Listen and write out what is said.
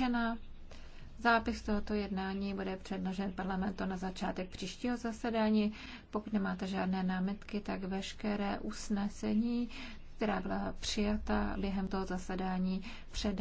určena. Zápis tohoto jednání bude předložen parlamentu na začátek příštího zasedání. Pokud nemáte žádné námitky, tak veškeré usnesení, která byla přijata během toho zasedání, před